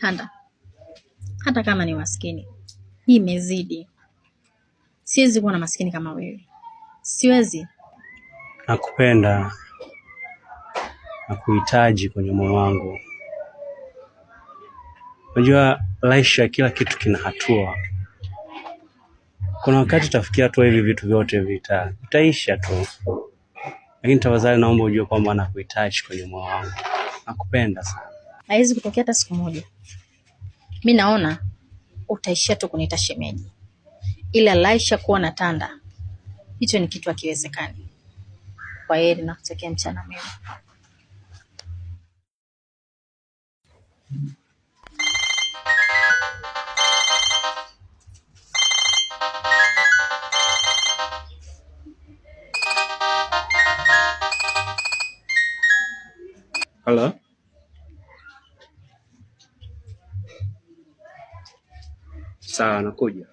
Kanda, hata kama ni maskini, hii imezidi. Siwezi kuwa na maskini kama wewe, siwezi. Nakupenda nakuhitaji kwenye moyo wangu. Unajua maisha, kila kitu kina hatua. Kuna wakati utafikia hatua hivi vitu vyote vita vitaisha tu, lakini tafadhali, naomba ujue kwamba nakuhitaji kwenye moyo wangu, nakupenda sana haiwezi kutokea hata siku moja. Mi naona utaishia tu kuniita shemeji, ila laisha kuwa na tanda, hicho ni kitu hakiwezekani. Kwa heri, kutokea mchana mwema. Hello? Sawa nakuja